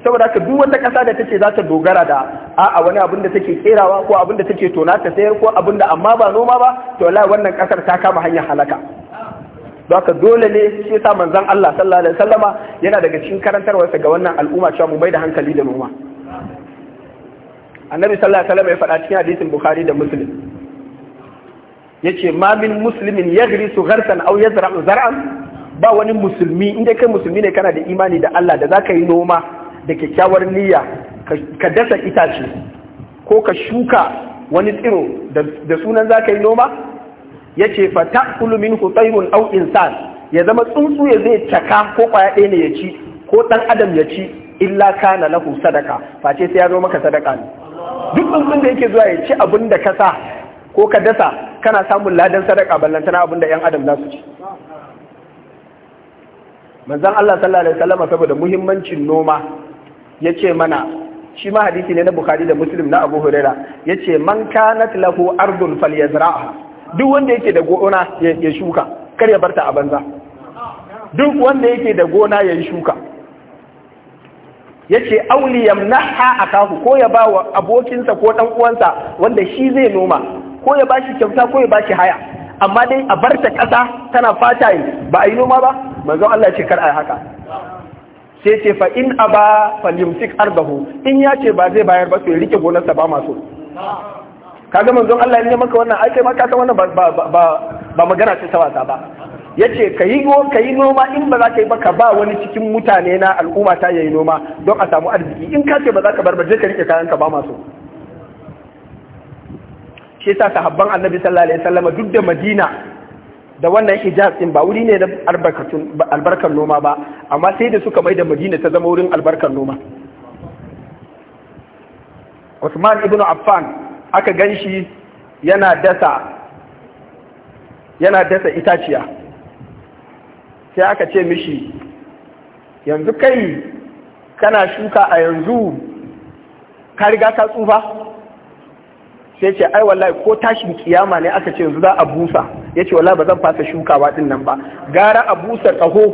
saboda haka duk wata ƙasa da take za ta dogara da a wani abin da take kerawa ko abin da take tona ta sayar ko abin da amma ba noma ba to wallahi wannan ƙasar ta kama hanyar halaka haka dole ne shi yasa manzon Allah sallallahu alaihi wasallama yana daga cikin karantarwa ga wannan al'umma cewa mu mai da hankali da noma annabi sallallahu alaihi wasallam ya faɗa cikin hadisin bukhari da muslim yace ma min muslimin yaghrisu gharsan aw yazra'u zar'an ba wani musulmi inda kai musulmi ne kana da imani da Allah da zaka yi noma da kyakkyawar niyya ka dasa itace ko ka shuka wani tsiro da sunan zaka yi noma yace fa ta'kulu minhu tayrun aw insan ya zama tsuntsu ya zai caka ko kwaya ɗaya ne ya ci ko ɗan adam ya ci illa kana lahu sadaka face sai ya zo maka sadaka ne duk tsuntsun da yake zuwa ya ci abin da ka sa ko ka dasa kana samun ladan sadaka ballantana abin da yan adam za su ci manzan Allah sallallahu alaihi wasallam saboda muhimmancin noma ya ce mana shi ma hadisi ne na Bukhari da Muslim na Abu Huraira yace man kanat lahu ardun falyazra'a duk wanda yake da gona ya shuka kar ya barta a banza duk wanda yake da gona ya yi shuka ya yace auliyam a akahu ko ya ba wa abokinsa ko dan uwansa wanda shi zai noma ko ya bashi kyauta ko ya ba shi haya amma dai a barta ƙasa tana fata yi ba a yi noma ba manzo Allah ce kar a haka sai ce fa in aba falyumsik ardahu in ya ce ba zai bayar ba to ya rike gonarsa ba maso kaga manzon Allah ya maka wannan ai kai maka ka wannan ba ba ba magana ce ta wasa ba ya ce ka yi noma in ba za ka yi ba ka ba wani cikin mutane na al'umma ta yayi noma don a samu arziki in ka ce ba za ka bar ba je ka rike kayan ka ba masu shi sa sahabban annabi sallallahu alaihi wasallam duk da madina da wannan hijaz din ba wuri ne da albarkar noma ba amma sai da suka mai da madina ta zama wurin albarkar noma Usman ibn Affan aka ganshi yana dasa yana dasa itaciya sai aka ce mishi yanzu kai kana shuka a yanzu ka riga ka tsufa sai ce ai wallahi ko tashin kiyama ne aka ce yanzu za a busa ya ce wallahi ba zan fasa shukawa din nan ba gara a busa ƙaho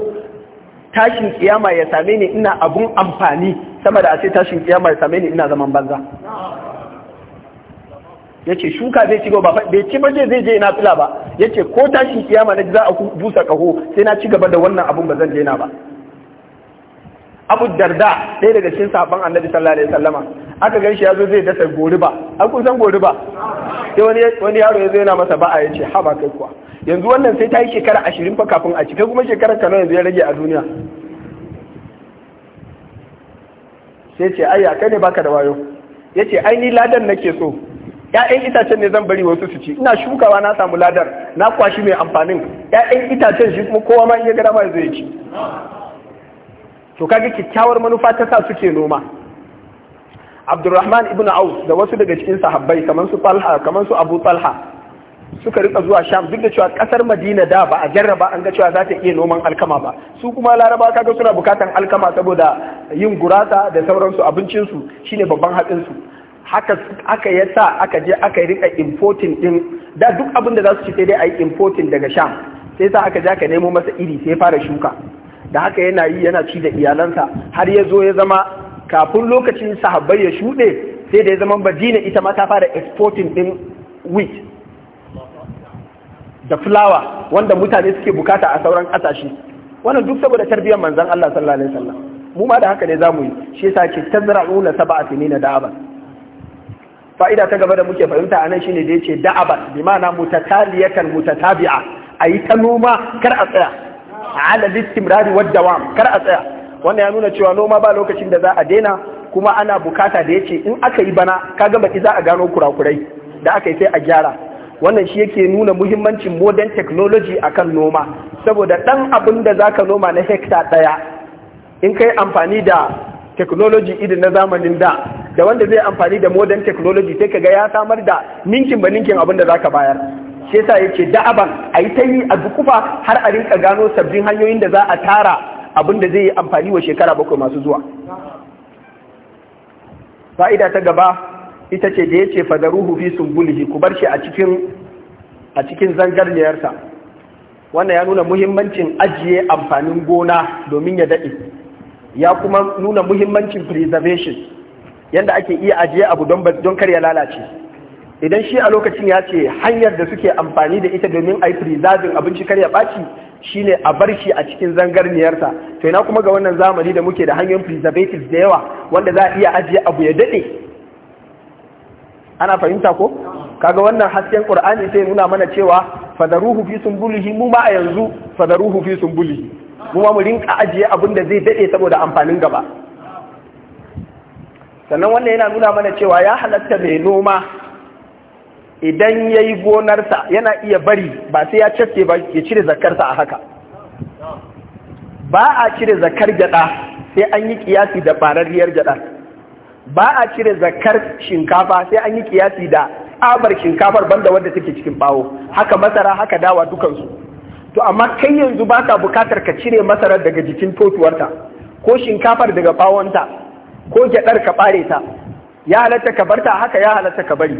tashin kiyama ya same ni ina abun amfani sama da a ce tashin kiyama ya same ni ina zaman banza yace shuka zai ci gaba bai ci ba zai je ina fila ba yace ko tashin kiyama na za a busa kaho sai na ci gaba da wannan abun ba zan daina ba Abu Darda ɗaya daga cikin sahabban Annabi sallallahu alaihi wasallama aka ganshi zo zai dasa ba an kun san goriba sai wani wani yaro zo yana masa ba'a yace ha ba kai kuwa yanzu wannan sai ta yi shekara 20 fa kafin a ci kai kuma shekarar ka yanzu ya rage a duniya sai ce ayya kai ne baka da wayo yace ai ni ladan nake so Ya'yan itacen ne zan bari wasu su ci ina shukawa na samu ladar na kwashi mai amfanin Ya'yan itacen shi kuma kowa ma iya gada ma zai ci to kage kyakkyawar manufa ta sa suke noma Abdulrahman ibn Aus da wasu daga cikin sahabbai kamar su Talha kamar su Abu Talha suka rika zuwa Sham duk da cewa kasar Madina da ba a jarraba an ga cewa za ta iya noman alkama ba su kuma Laraba kaga suna bukatan alkama saboda yin gurasa da sauransu abincin su shine babban hatsin su haka aka yasa aka je aka rika importing din da duk abin da za su ci sai dai a yi importing daga sha sai sa aka je aka nemo masa iri sai fara shuka da haka yana yi yana ci da iyalansa har ya zo ya zama kafin lokacin sahabbai ya shuɗe sai da ya zama badina ita ma ta fara exporting din wheat da flower wanda mutane suke bukata a sauran ƙasashe wannan duk saboda tarbiyyar manzan Allah sallallahu alaihi wasallam mu ma da haka ne zamu yi shi yasa ke tazra'una sab'a sinina da'aban fa'ida ta gaba da muke fahimta a nan shi ne da yace da'aba bi ma'ana mutataliyatan mutatabi'a ayi ta noma kar a tsaya ala rari wadda dawam kar a tsaya wannan ya nuna cewa noma ba lokacin da za a daina kuma ana bukata da yace in aka yi bana ka gama ki za a gano kurakurai da aka yi sai a gyara wannan shi yake nuna muhimmancin modern technology akan noma saboda dan abin da zaka noma na hekta daya in kai amfani da teknoloji idan na zamanin da da wanda zai amfani da modern teknoloji sai kaga ya samar da ninkin ba ninkin abin da zaka bayar shi yasa yake da'aban a yi ta yi a dukufa har a rinka gano sabbin hanyoyin da za a tara abin da zai yi amfani wa shekara bakwai masu zuwa fa'ida ta gaba ita ce da yace fadaruhu fi sumbulihi ku bar shi a cikin a cikin zangarniyarsa wannan ya nuna muhimmancin ajiye amfanin gona domin ya daɗe ya kuma nuna muhimmancin preservation yadda ake iya ajiye abu don kar ya lalace idan shi a lokacin ya ce hanyar da suke amfani da ita domin a yi preserving abinci kar ya ɓaci shine a bar shi a cikin zangarniyarsa to yana kuma ga wannan zamani da muke da hanyoyin preservatives da yawa wanda za a iya ajiye abu ya daɗe ana fahimta ko kaga wannan hasken qur'ani sai nuna mana cewa fadaruhu fi sumbulihi mu ma a yanzu fadaruhu fi sumbulihi Kuma mu rinka ajiye abin da zai daɗe saboda amfanin gaba sannan wannan yana nuna mana cewa ya halatta mai noma idan ya yi gonarsa yana iya bari ba sai ya cafke ba ya cire zakarsa a haka ba a cire zakar gyada sai an yi kiyasi da bararriyar gyada ba a cire zakar shinkafa sai an yi kiyasi da tsabar shinkafar banda wadda take cikin bawo haka masara haka dawa dukansu to amma kai yanzu ba ka bukatar ka cire masarar daga jikin totuwarta ko shinkafar daga bawonta ko gyaɗar ka bare ta ya halatta ka barta haka ya halatta ka bari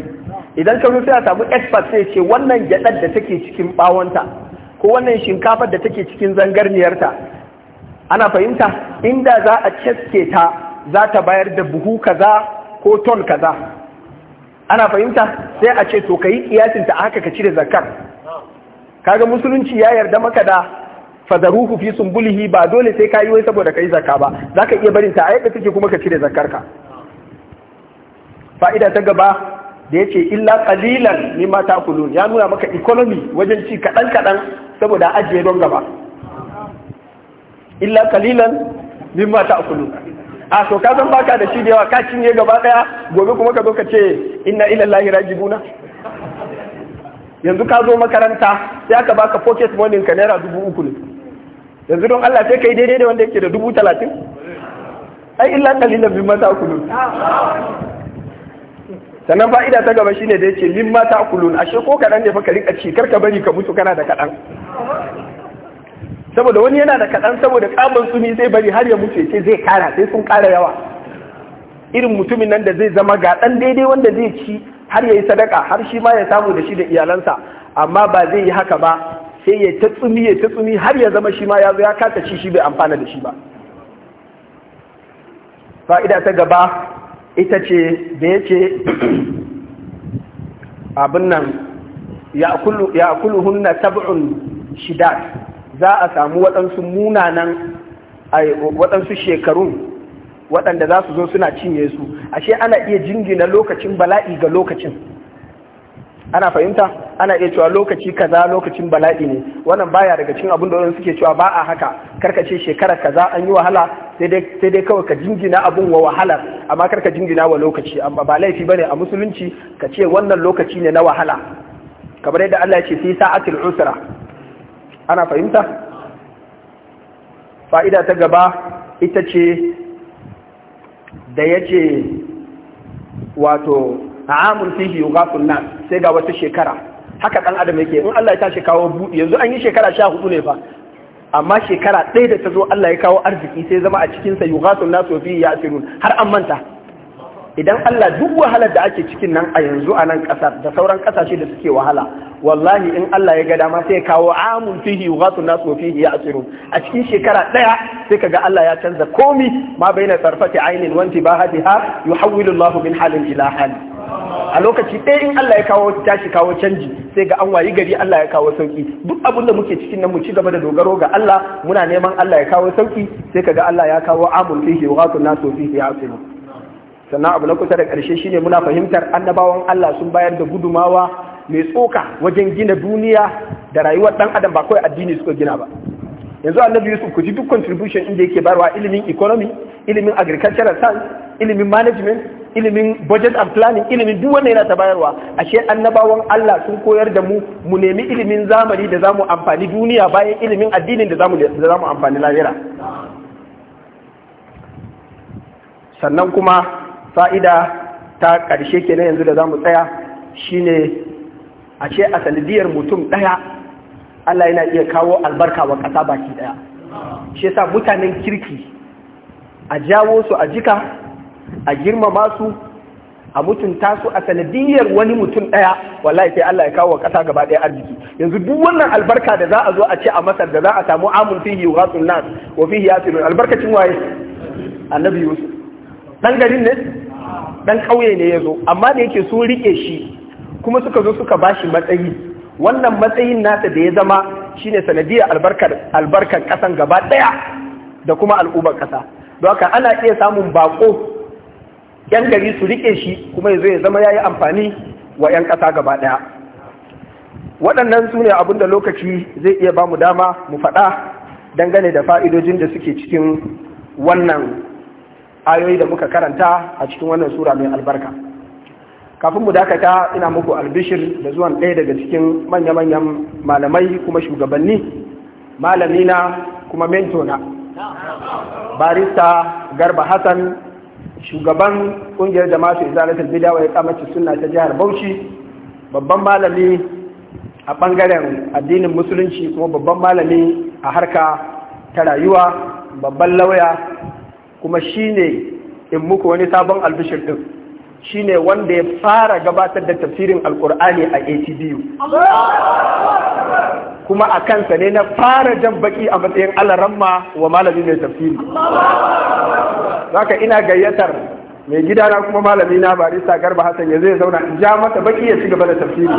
idan ka rufe a samu expert sai ce wannan gyaɗar da take cikin bawonta ko wannan shinkafar da take cikin zangarniyarta ana fahimta inda za a ceske ta za ta bayar da buhu kaza ko ton kaza ana fahimta sai a ce to ka yi ta haka ka cire zakar kaga musulunci ya yarda maka da fadaruhu fi sumbulihi ba dole sai ka yi wai saboda kai zakka ba zaka iya barin ta ayyuka take kuma ka cire zakkar ka fa'ida ta gaba da yace illa qalilan mimma ta'kulun ya nuna maka economy wajen ci kaɗan kadan saboda ajiye don gaba illa qalilan mimma ta'kulun a to ka san baka da shi da yawa ka cinye gaba daya gobe kuma ka zo ka ce inna ilallahi rajibuna yanzu ka zo makaranta sai aka baka pocket money ka naira dubu uku ne yanzu don Allah sai kai daidai da wanda yake da dubu talatin ai illa kalilan min mata kulun sannan fa'ida ta gaba shine da yake min mata kulun ashe ko kaɗan ne fa ka rika ci karka bari ka mutu kana da kaɗan. saboda wani yana da kaɗan saboda tsaban suni zai bari har ya mutu ce zai kara sai sun kara yawa irin mutumin nan da zai zama ga ɗan daidai wanda zai ci har ya yi sadaka har shi ma ya samu da shi da iyalansa amma ba zai yi haka ba sai ya ta tsumi ya ta har ya zama shi ma ya zo ya kasa shi, shi bai amfana da shi ba fa'ida ta gaba ita ce da ya ce abin nan ya kulu hunna tab'un shidat za a samu waɗansu munanan waɗansu shekarun waɗanda za su zo suna cinye su ashe ana iya jingina lokacin bala'i ga lokacin ana fahimta ana iya cewa lokaci kaza lokacin bala'i ne wannan baya daga cikin abin da suke cewa ba a haka karkace shekara kaza an yi wahala sai dai kawai ka jingina abun wa wahala amma karka jingina wa lokaci amma ba laifi bane a musulunci ka ce wannan lokaci ne na wahala kamar yadda Allah ya ce fi sa'atil usra ana fahimta fa'ida ta gaba ita ce da ya yace wato fi yi yughafun sai ga wata shekara haka ɗan adam yake in Allah ya tashi kawo buɗi yanzu an yi shekara sha hudu ne ba amma shekara ɗaya da ta zo Allah ya kawo arziki sai zama a cikinsa yughasun sofi ya asirun har an manta idan Allah duk wahalar da ake cikin nan a yanzu a nan ƙasar da sauran ƙasashe da suke wahala wallahi in Allah ya ga dama sai kawo amun fihi yughatu nas wa fihi asiru. a cikin shekara daya sai kaga Allah ya canza komi ma baina sarfati ainin wa intibahatiha yuhawwilu Allah min halin ila hal a lokaci ɗaya in Allah ya kawo tashi kawo canji sai ga an wayi gari Allah ya kawo sauki duk abin da muke cikin nan mu ci gaba da dogaro ga Allah muna neman Allah ya kawo sauki sai kaga Allah ya kawo amun fihi yughatu nas wa fihi asiru. sannan abu na kusa da ƙarshe shine muna fahimtar annabawan Allah sun bayar da gudumawa mai tsoka wajen gina duniya da rayuwar ɗan adam ba kawai addini suka gina ba yanzu annabi yusuf ku ji duk contribution inda yake barwa ilimin economy ilimin agricultural science ilimin management ilimin budget and planning ilimin duk wanda yana ta bayarwa ashe annabawan Allah sun koyar da mu mu nemi ilimin zamani da zamu amfani duniya bayan ilimin addinin da zamu da zamu amfani lahira sannan kuma fa'ida ta ƙarshe kenan yanzu da za mu tsaya shine ne a sanadiyar mutum ɗaya Allah yana iya kawo albarka wa ƙasa baki ɗaya shi sa mutanen kirki a jawo su a jika a girmama su a mutunta su a sanadiyar wani mutum ɗaya wallahi sai Allah ya kawo wa ƙasa gaba ɗaya arziki yanzu duk wannan albarka da za a zo a ce a masar da za a samu amun fihi wa nas wa fihi yasilun albarkacin waye annabi yusuf dan garin ne dan kauye ne ya zo amma da yake sun rike shi kuma suka zo suka bashi matsayi wannan matsayin nasa da ya zama shine sanadiyar albarkar albarkar kasan gaba daya da kuma al'ummar kasa don haka ana iya samun bako yan gari su rike shi kuma ya zo ya zama yayi amfani wa yan kasa gaba daya waɗannan su ne abinda lokaci zai iya ba mu dama mu faɗa dangane da fa'idojin da suke cikin wannan ayoyi da muka karanta a cikin wannan sura mai albarka kafin mu dakata ina muku albishir da zuwan ɗaya daga cikin manya-manyan malamai kuma shugabanni malamina kuma mentona barista garba hassan shugaban ƙungiyar masu izalatar bidawa ya kamaci sunna ta jihar Bauchi babban malami a ɓangaren addinin musulunci kuma babban malami a harka ta rayuwa babban lauya kuma shi ne in muku wani sabon albishir din ne wanda ya fara gabatar da tafsirin alkur'ani a ATBU kuma a kansa ne na fara jan baƙi a matsayin alaramma wa malami mai tafsiri zaka ina gayyatar mai gidana kuma malami na barista garba hassan ya zai zauna in ja mata baki ya ci gaba da tafsiri